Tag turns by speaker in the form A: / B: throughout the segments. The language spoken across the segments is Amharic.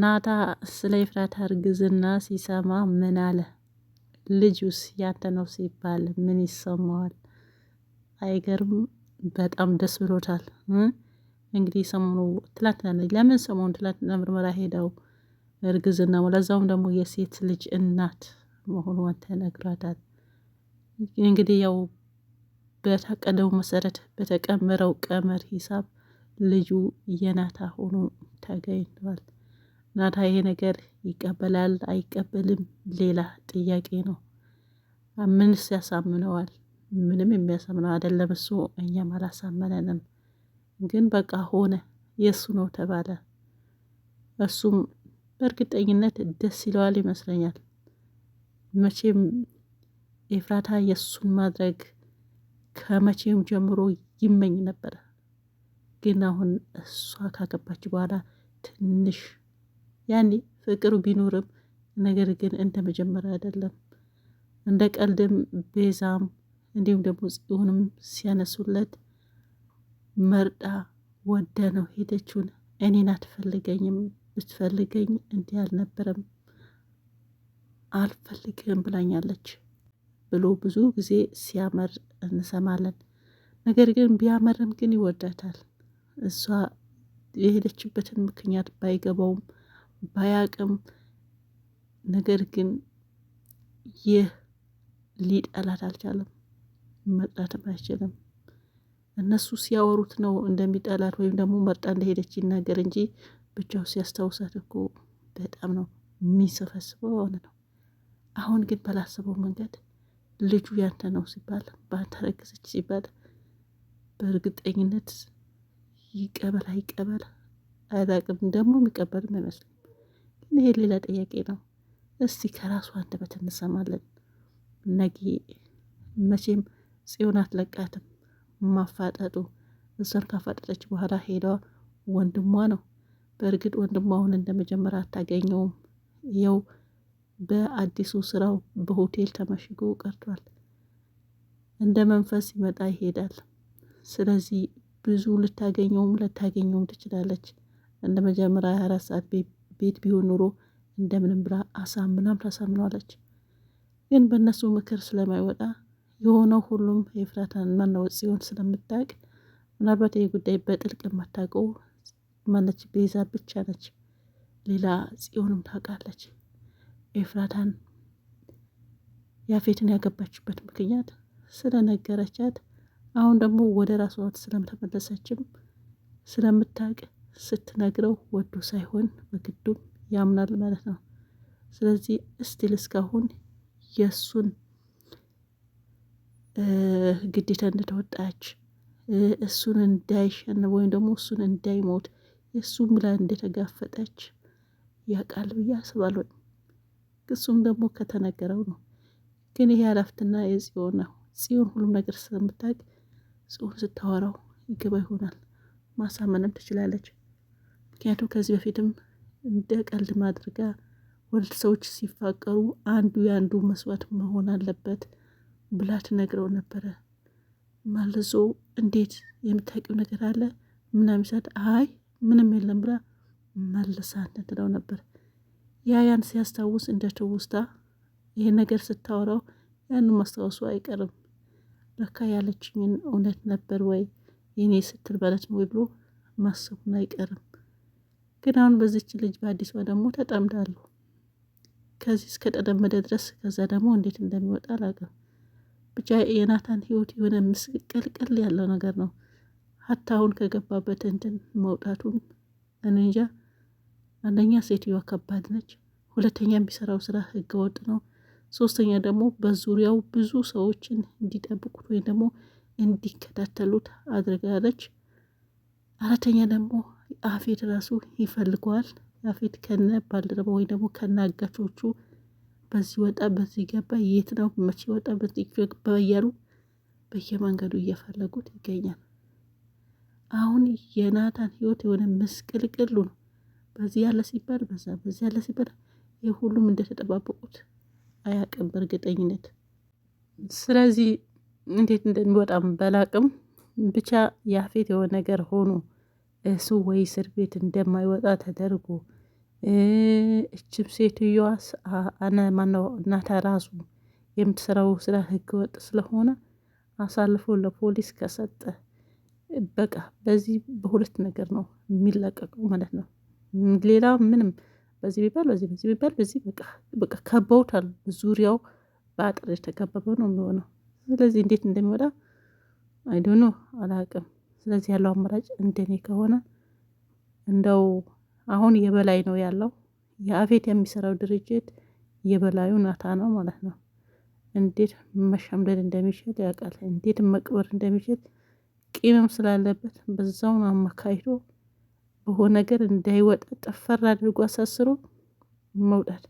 A: ናታ ስለ ኤፍራታ እርግዝና ሲሰማ ምን አለ? ልጁስ ያንተ ነው ሲባል ምን ይሰማዋል? አይገርም። በጣም ደስ ብሎታል። እንግዲህ ሰሞኑ ትላንትና ለምን ሰሞኑ ትላንትና ምርመራ ሄደው እርግዝና ለዛውም ደግሞ የሴት ልጅ እናት መሆኗን ተነግሯታል። እንግዲህ ያው በታቀደው መሰረት በተቀመረው ቀመር ሂሳብ ልጁ የናታ ሆኖ ተገኝቷል። ናታ ይሄ ነገር ይቀበላል አይቀበልም ሌላ ጥያቄ ነው። ምንስ ያሳምነዋል? ምንም የሚያሳምነው አይደለም። እሱ እኛም አላሳመነንም። ግን በቃ ሆነ፣ የእሱ ነው ተባለ። እሱም በእርግጠኝነት ደስ ይለዋል ይመስለኛል። መቼም ኤፍራታ የእሱን ማድረግ ከመቼም ጀምሮ ይመኝ ነበረ። ግን አሁን እሷ ካገባች በኋላ ትንሽ ያኔ ፍቅሩ ቢኖርም ነገር ግን እንደ መጀመሪያ አይደለም። እንደ ቀልድም ቤዛም እንዲሁም ደግሞ ጽዮንም ሲያነሱለት መርጣ ወደ ነው ሄደችውን እኔን አትፈልገኝም፣ ብትፈልገኝ እንዲህ አልነበረም፣ አልፈልግህም ብላኛለች ብሎ ብዙ ጊዜ ሲያመር እንሰማለን። ነገር ግን ቢያመርም ግን ይወዳታል። እሷ የሄደችበትን ምክንያት ባይገባውም ባያቅም ነገር ግን ይህ ሊጠላት አልቻለም። መጥላትም አይችልም። እነሱ ሲያወሩት ነው እንደሚጠላት ወይም ደግሞ መርጣ እንደሄደች ይናገር እንጂ ብቻው ሲያስታውሳት እኮ በጣም ነው የሚሰፈስበው ማለት ነው። አሁን ግን ባላሰበው መንገድ ልጁ ያንተ ነው ሲባል፣ በአንተ ረገዘች ሲባል በእርግጠኝነት ይቀበል አይቀበል አላቅም። ደግሞ የሚቀበልም አይመስለኝ ይሄ ሌላ ጥያቄ ነው። እስቲ ከራሱ አንደበት እንሰማለን። ነጊ መቼም ጽዮን አትለቃትም። ማፋጠጡ እሷን ካፋጠጠች በኋላ ሄደዋ ወንድሟ ነው። በእርግጥ ወንድሟ አሁን እንደመጀመር አታገኘውም። ይኸው በአዲሱ ስራው በሆቴል ተመሽጎ ቀርቷል። እንደ መንፈስ ይመጣ ይሄዳል። ስለዚህ ብዙ ልታገኘውም ልታገኘውም ትችላለች። እንደ መጀመሪያ አራት ሰዓት ቤት ቤት ቢሆን ኖሮ እንደምንም ብላ አሳምናም ታሳምኗለች። ግን በእነሱ ምክር ስለማይወጣ የሆነው ሁሉም የፍራታን መናወጥ ሲሆን ስለምታውቅ ምናልባት ይህ ጉዳይ በጥልቅ የማታውቀው ማነች ቤዛ ብቻ ነች። ሌላ ጽዮንም ታውቃለች። ኤፍራታን ያፌትን ያገባችበት ምክንያት ስለነገረቻት አሁን ደግሞ ወደ ራሷ ስለተመለሰችም ስለምታውቅ ስትነግረው ወዶ ሳይሆን በግዱም ያምናል ማለት ነው። ስለዚህ እስቲል እስካሁን የእሱን ግዴታ እንደተወጣች እሱን እንዳይሸንፍ ወይም ደግሞ እሱን እንዳይሞት የእሱን ብላ እንደተጋፈጠች ያውቃል ብዬ አስባለሁ። እሱም ደግሞ ከተነገረው ነው። ግን ይሄ አላፍትና የጽዮን ነው። ጽዮን ሁሉም ነገር ስለምታውቅ ጽዮን ስታወራው ይገባ ይሆናል። ማሳመንም ትችላለች። ምክንያቱም ከዚህ በፊትም እንደ ቀልድ ማድረጋ ሁለት ሰዎች ሲፋቀሩ አንዱ የአንዱ መስዋዕት መሆን አለበት ብላ ትነግረው ነበረ። መልሶ እንዴት የምታውቂው ነገር አለ ምናምን ሲላት አይ ምንም የለም ብላ መልሳ ትለው ነበር። ያ ያን ሲያስታውስ እንደ ትውስታ ይሄ ነገር ስታወራው ያን ማስታወሱ አይቀርም። ለካ ያለችኝን እውነት ነበር ወይ የኔ ስትል ማለት ነው ወይ ብሎ ማሰቡን አይቀርም። ግን አሁን በዚች ልጅ በአዲሷ ደግሞ ተጠምዳሉ። ከዚህ እስከ እስከተጠመደ ድረስ ከዛ ደግሞ እንዴት እንደሚወጣ አላውቅም። ብቻ የናታን ህይወት የሆነ ምስቅልቅል ያለው ነገር ነው። ሀታ አሁን ከገባበት እንትን መውጣቱን እኔ እንጃ። አንደኛ ሴትዮዋ ከባድ ነች፣ ሁለተኛ የሚሰራው ስራ ህገወጥ ነው፣ ሶስተኛ ደግሞ በዙሪያው ብዙ ሰዎችን እንዲጠብቁት ወይም ደግሞ እንዲከታተሉት አድርጋለች። አራተኛ ደግሞ አፌድ ራሱ ይፈልገዋል። አፌት ከነ ባልደረባ ወይ ደግሞ ከነ አጋቾቹ በዚህ ወጣ በዚህ ገባ፣ የት ነው መቼ ወጣ በዚህ ገባ እያሉ በየመንገዱ እየፈለጉት ይገኛል። አሁን የናታን ህይወት የሆነ ምስቅልቅሉ ነው። በዚህ ያለ ሲባል በዛ፣ በዚህ ያለ ሲባል የሁሉም እንደተጠባበቁት አያቅም በእርግጠኝነት። ስለዚህ እንዴት እንደሚወጣም በላቅም ብቻ ያፌት የሆነ ነገር ሆኖ እሱ ወይ እስር ቤት እንደማይወጣ ተደርጎ እችም ሴትዮዋስ ማነው እናታ ራሱ የምትሰራው ስራ ህገወጥ ስለሆነ አሳልፎ ለፖሊስ ከሰጠ በቃ በዚህ በሁለት ነገር ነው የሚለቀቀው ማለት ነው። ሌላ ምንም በዚህ ቢባል በዚህ በዚህ ቢባል በዚህ በቃ ከበውታል። ዙሪያው በአጥር የተከበበ ነው የሚሆነው። ስለዚህ እንዴት እንደሚወጣ አይዶኖ አላቅም። ስለዚህ ያለው አማራጭ እንደኔ ከሆነ እንደው አሁን የበላይ ነው ያለው የአፌት የሚሰራው ድርጅት የበላዩ ናታ ነው ማለት ነው። እንዴት መሸምደድ እንደሚችል ያውቃል፣ እንዴት መቅበር እንደሚችል ቂምም ስላለበት በዛውን አመካይቶ በሆነ ነገር እንዳይወጣ ጠፈር አድርጎ አሳስሮ መውጣት፣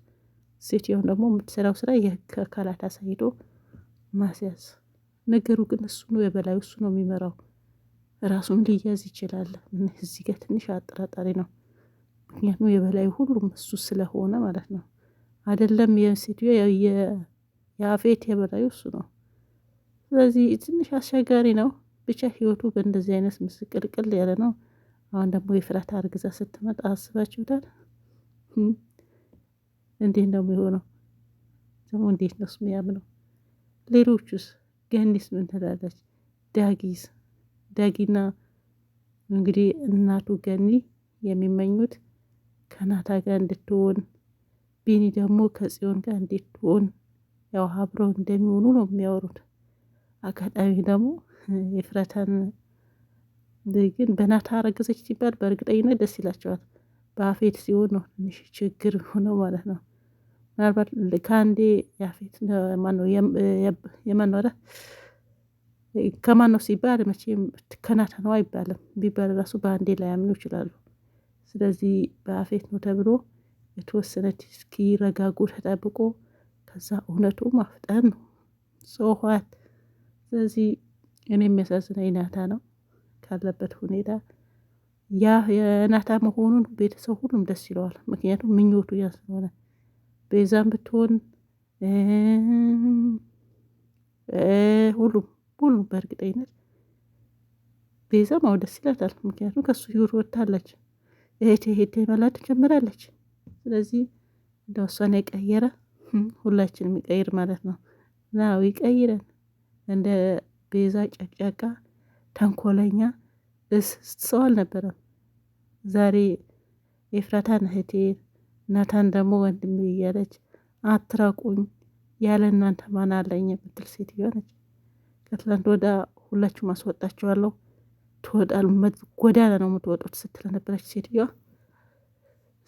A: ሴትየውን ደግሞ የምትሰራው ስራ የህግ አካላት አሳይቶ ማስያዝ። ነገሩ ግን እሱ ነው የበላዩ፣ እሱ ነው የሚመራው። ራሱን ሊያዝ ይችላል። እዚህ ጋር ትንሽ አጠራጣሪ ነው። ምክንያቱም የበላይ ሁሉም እሱ ስለሆነ ማለት ነው። አይደለም የሴትዮ የአፌት የበላዩ እሱ ነው። ስለዚህ ትንሽ አስቸጋሪ ነው። ብቻ ህይወቱ በእንደዚህ አይነት ምስቅልቅል ያለ ነው። አሁን ደግሞ የፍራት አርግዛ ስትመጣ አስባችሁታል? እንዴት ነው የሚሆነው? ደግሞ እንዴት ነው ስሚያምነው? ሌሎቹስ ገኒስ ምን ትላለች? ዳጊስ እንግዲህ እናቱ ገኒ የሚመኙት ከናታ ጋር እንድትሆን ቢኒ ደግሞ ከጽዮን ጋር እንድትሆን ያው አብረው እንደሚሆኑ ነው የሚያወሩት። አጋጣሚ ደግሞ የፍረተን ግን በናታ አረገዘች ሲባል በእርግጠኝነት ደስ ይላቸዋል። በአፌት ሲሆን ነው ትንሽ ችግር ሆነው ማለት ነው። ምናልባት ከአንዴ የአፌት ማነው የመኖረ ከማን ነው ሲባል መቼም ከናታ ነው አይባልም። ቢባል ራሱ በአንዴ ላያምኑ ይችላሉ። ስለዚህ በአፌት ነው ተብሎ የተወሰነ እስኪረጋጉ ተጠብቆ ከዛ እውነቱ ማፍጠን ነው ሰውኋት። ስለዚህ እኔ የሚያሳዝነኝ ናታ ነው ካለበት ሁኔታ ያ የናታ መሆኑን ቤተሰብ ሁሉም ደስ ይለዋል። ምክንያቱም ምኞቱ ያ ስለሆነ ቤዛም ብትሆን ሁሉም ሙሉ በእርግጠኝነት ቤዛም አዎ ደስ ይላታል። ምክንያቱም ከሱ ህይወት ወጥታለች፣ እህት ሄቴ መላት ትጀምራለች። ስለዚህ እንደው እሷን የቀየረ ሁላችን የሚቀይር ማለት ነው። ናው ይቀይረን። እንደ ቤዛ ጨቅጫቃ ተንኮለኛ እስስት ሰው አልነበረም። ዛሬ ኤፍራታን እህቴ ናታን ደግሞ ወንድሜ እያለች አትራቁኝ ያለ እናንተ ማን አለኝ የምትል ሴትዮ ነች። ከትላንት ወዳ ሁላችሁም ማስወጣችኋለሁ ትወጣል ጎዳና ነው የምትወጡት ስትል ነበረች ሴትዮዋ።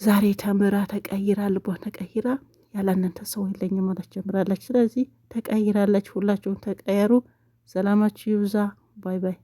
A: ዛሬ ተምራ ተቀይራ ልቧ ተቀይራ ያለ ሰው የለኝም ማለት ጀምራለች። ስለዚህ ተቀይራለች። ሁላችሁም ተቀየሩ። ሰላማችሁ ይብዛ። ባይ ባይ።